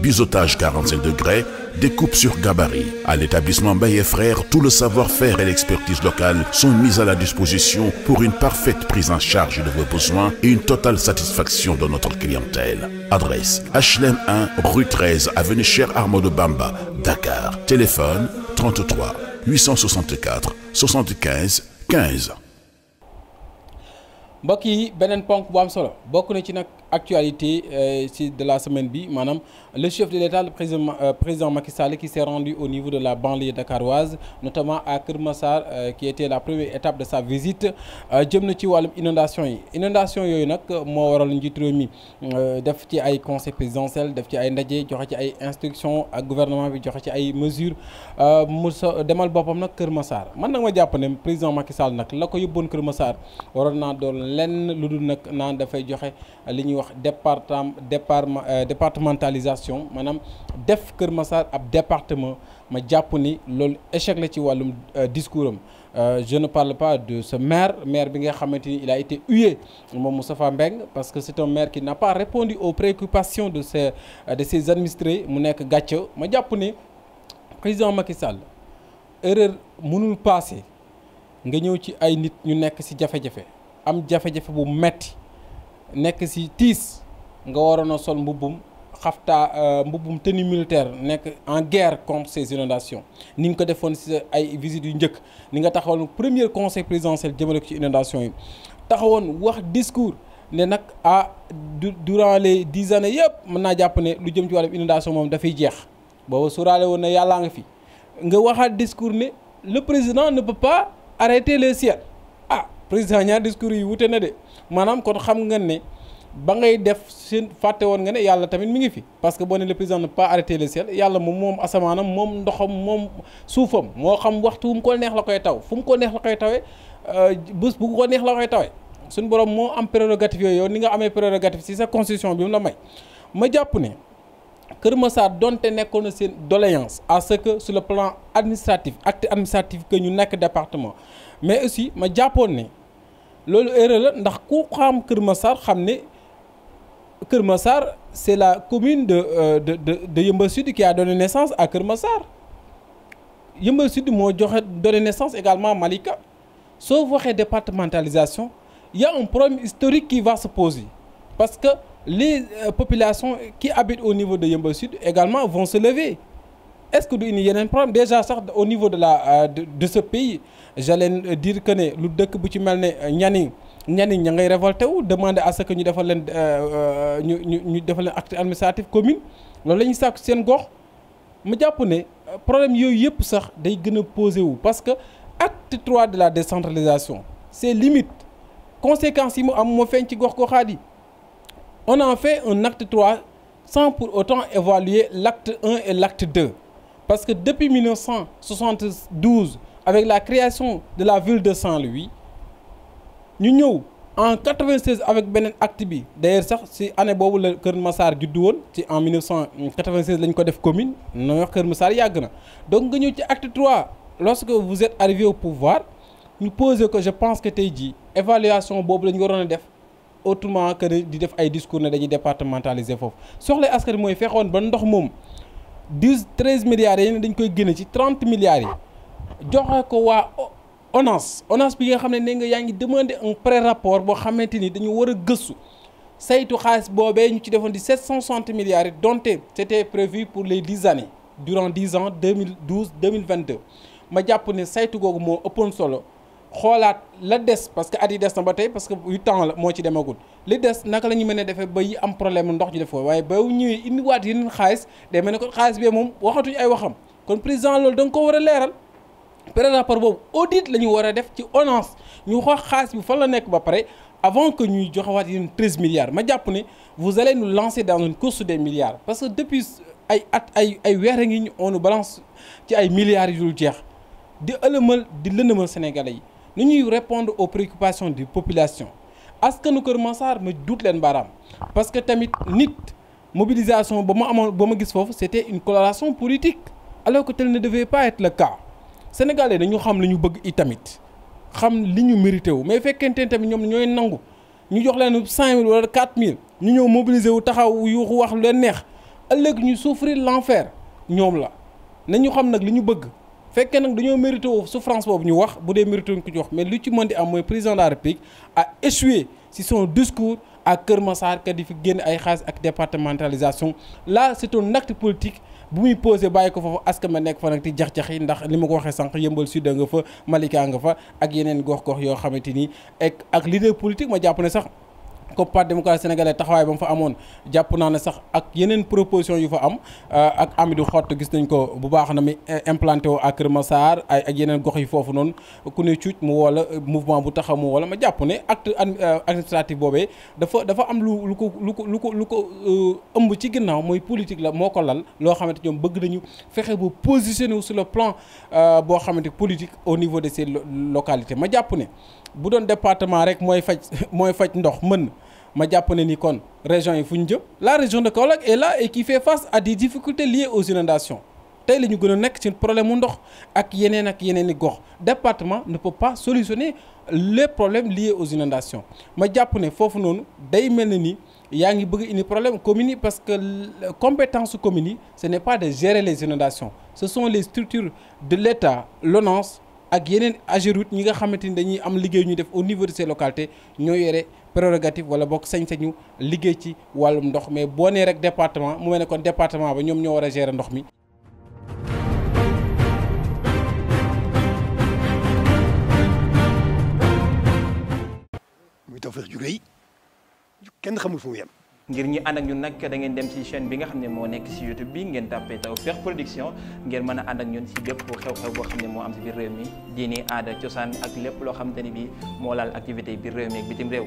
biseautage 45 degrés, découpe sur gabarit. À l'établissement Baye Frères, tout le savoir-faire et l'expertise locale sont mis à la disposition pour une parfaite prise en charge de vos besoins et une totale satisfaction de notre clientèle. Adresse HLM 1, rue 13, avenue Cheikh Amadou Bamba, Dakar. Téléphone actualité ci euh, de la semaine bi maanaam le chef de l'État le président euh, président Macky Sall qui s'est rendu au niveau de la banlieue dakaroise notamment à Kër Massar euh, qui était la première étape de sa visite jëm na ci wàllum inondation yi inondation yooyu nag moo waral njiit réew mi def ci ay conseil présidentiel def ci ay ndaje joxe ci ay instructions ak gouvernement bi joxe ci ay mesures mu sa demal boppam nag Kër Massar man nag ma jàpp ne président Macky Sall nag la ko yóbboon Kër wax département département euh, départementalisation maanaam def Kër Massar ab département ma jàpp ni loolu échec la ci wàllum euh, discours am euh, je ne parle par de ce maire maire bi nga xamante ni il a été hué moom Moustapha Mbeng parce que c'est un maire qui n'a pas répondu aux préoccupations de ses de ses administrés mu nekk gàcce ma jàpp ni président Macky Sall erreur mënul passé nga ñëw ci ay nit ñu nekk ci jafe-jafe am jafe-jafe bu metti nekk si tiis nga waroon a sol mbubbum xaftaa euh, mbubbum tenue militaire nekk en guerre contre ces inondations ni nga ko defoon si ay visites yu njëkk ni nga taxawoon première conseil présidentiel jëmale ko ci inondation yi taxawoon wax discours ne nag ah du durant les dix années yëpp mën naa jàpp ne lu jëm ci wàllum inondation moom dafay jeex booba sóoraale woon na yàllaa nga fi nga waxaat discours ne le président ne peut pas arrêter les siennes président ñaar discours yi wute na de maanaam kon xam nga ne ba ngay def seen fàtte woon nga ne yàlla tamit mu ngi fi parce que boo ne le président ne pas arrêter le ciel yàlla moom moom asamaanam moom ndoxam moom suufam moo xam waxtu wu mu ko neex la koy taw fu mu ko neex la koy tawe euh, bus bu ko neex la koy tawe suñu borom moo am prérogative yooyu yow ni nga amee prérogative si sa constitution bi mu la may ma jàpp ne. Kër Massar donte nekkoon na seen doléance à ce que sur le plan administratif acte administratif que ñu nakk département mais aussi ma jàppoon ne loolu erreur la ndax ku xam Kër ma Massar xam ne Kër Massar c'est la commune de euh, de de de Yeumbeul Sud qui a donné naissance à Kër Massar Yeumbeul Sud moo joxe donné naissance également à Malika soo waxee départementalisation il y a un problème historique qui va se poser les euh, population qui habitent au niveau de Yeumbeul Sud également vont se lever est-ce que du indi yeneen problème déjà sax au niveau de la euh, de, de ce pays j'allais euh, que ne lu dëkk bu ci mel ne ñani ñani ña ngay révolté wu demander à que ñu defal leen ñu ñu ñu defal leen acte administratif commune loolu la ñuy sàkku seen gox mu jàpp ne problème yooyu yëpp sax day gën a posé wu parce que acte 3 de la décentralisation c'est limite conséquences yi mu am moo feeñ ci gox goxaat yi on a fait un acte 3 sans pour autant évaluer l'acte 1 et l'acte 2. Parce que depuis 1972, avec la création de la ville de Saint-Louis, ñu ñëw en 96 avec beneen acte bi d'ailleurs sax ci anne boobu la Kër Massar juddu woon ci en 1996 lañ ko def commune na wax Kër Massar yàgg na donc nga ñëw ci acte 3 lorsque vous êtes arrivé au pouvoir ñu poser que je pense que tey jii évaluation boobu la ñu waroon a def autrement que di def ay discours ne dañuy départementaliser foofu soxla askan mooy fexoon ba ndox moom dix treize milliards yi dañ koy génne ci trente milliards yi joxe ko waa ONAS ONAS bi nga xam ne nga yaa ngi demandé un pré rapport boo xamante ni dañu war a gëstu saytu xaalis boobee ñu ci defoon di sept cent soixante milliards yi donte c'était prévu pour les dix années durant dix ans deux mille douze deux mille vingt deux ma jàpp ne saytu googu moo ëppoon solo. xoolaat la des parce que at yi des na ba tey parce que yu temps la moo ci demagul li des naka la ñu mën a defee ba yi am problème ndox ñu def ko waaye ba ñuy indiwaat yeneen xaalis day mel ne ko xaalis bee moom waxatuñu ay waxam kon président loolu da nga ko war a leeral pré rapport boobu audit la ñu war a def ci ONAS ñu xool xaalis bi fan la nekk ba pare avant que ñuy joxewaat yeneen treize milliards ma jàpp ne vous allez nu lancer dans une des milliards parce que depuis at ay ay weer a ngi ñu on balance ci ay milliards yu jeex di ëlëmal di lëndëmal Sénégalais yi. nu ñuy répondre aux préoccupations des populations askanu Kër Massar ma duut leen baaraam parce que tamit nit mobilisation ba ma amoon ba ma gis foofu c'était une coloration politique alors que tel ne devait pas être le cas sénégalais dañu xam li ñu bëgg it tamit xam li ñu mérité wu mais fekkente ne tamit ñoom ñooy nangu ñu jox leen 5000 wala 4000 ñu ñëw mobiliser wu taxaw yuuxu wax leen neex ëllëg ñu souffrir l'enfer ñoom la nañu xam nag li ñu bëgg. fekkee nag dañoo mérité su france boobu ñu wax bu dee mérité wuñ ko ñu wax mais lu ci mën di am mooy président de la république a échoué si son discours à Kër Massar que di fi génn ay xaalis ak départementalisation là c'est un acte politique bu muy posé bàyyi ko foofu askan ma nekk fa nag di jax-jax yi ndax li ma ko waxee sànq yëmbal sud nga fa Malika nga fa ak yeneen gox-gox yoo xamante ni ek ak leader politique ma jàpp ne sax COP Parti démocratique sénégalais taxawaay ba mu fa amoon jàpp naa ne sax ak yeneen proposition yu fa am euh, ak Amidou xot gis nañ ko bu baax na mi euh, implanté woo à Kër Massar yeneen gox yi foofu noonu ku ne cuuc mu wala euh, mouvement bu taxaw mu wala ma jàpp ne acte administratif boobee dafa dafa am lu lu ko lu ko lu ko lu ko ëmb ci ginnaaw mooy politique la moo ko lal loo xamante ñoom bëgg nañu fexe ba positionné wu sur le plan boo xamante politique au niveau de ces localités ma jàpp ne bu doon département rek mooy faj mooy faj ndox mën ma jàpp ne ni kon région yi fu ñu jë la région de Kaolack est là et qui fait face à des difficultés liées aux inondations tey la ñu gën a nekk ci problème mu ndox ak yeneen ak yeneen i gox département ne peut pas solutionner les problèmes liés aux inondations ma jàpp ne foofu noonu day mel ne ni yaa ngi bëgg indi problème commune yi parce que compétence communes yi ce n'est pas de gérer les inondations ce sont les structures de l'État l'ONAS ak yeneen AGEROUTE ñi nga xamante ni dañuy am liggéey ñu def au niveau de ñoo yore prérogative wala bokk sañ-sañu liggéey ci wàllum ndox mais boo nee rek département mu mel ne kon département ba ñoom ñoo war a gérer ndox mi. muy Tawfekh ju rëy kenn xamul fu mu yem. ngir ñi ànd ak ñun nag dangeen dem ci chaîne bi nga xam ne moo nekk ci YouTube bi ngeen taw Tawfekh Production ngeen mën a ànd ak ñun ci bépp xew-xew boo xam ne moo am ci biir réew mi diini aada cosaan ak lépp loo xamante ni bi moo laal activité biir réew mi ak bitim réew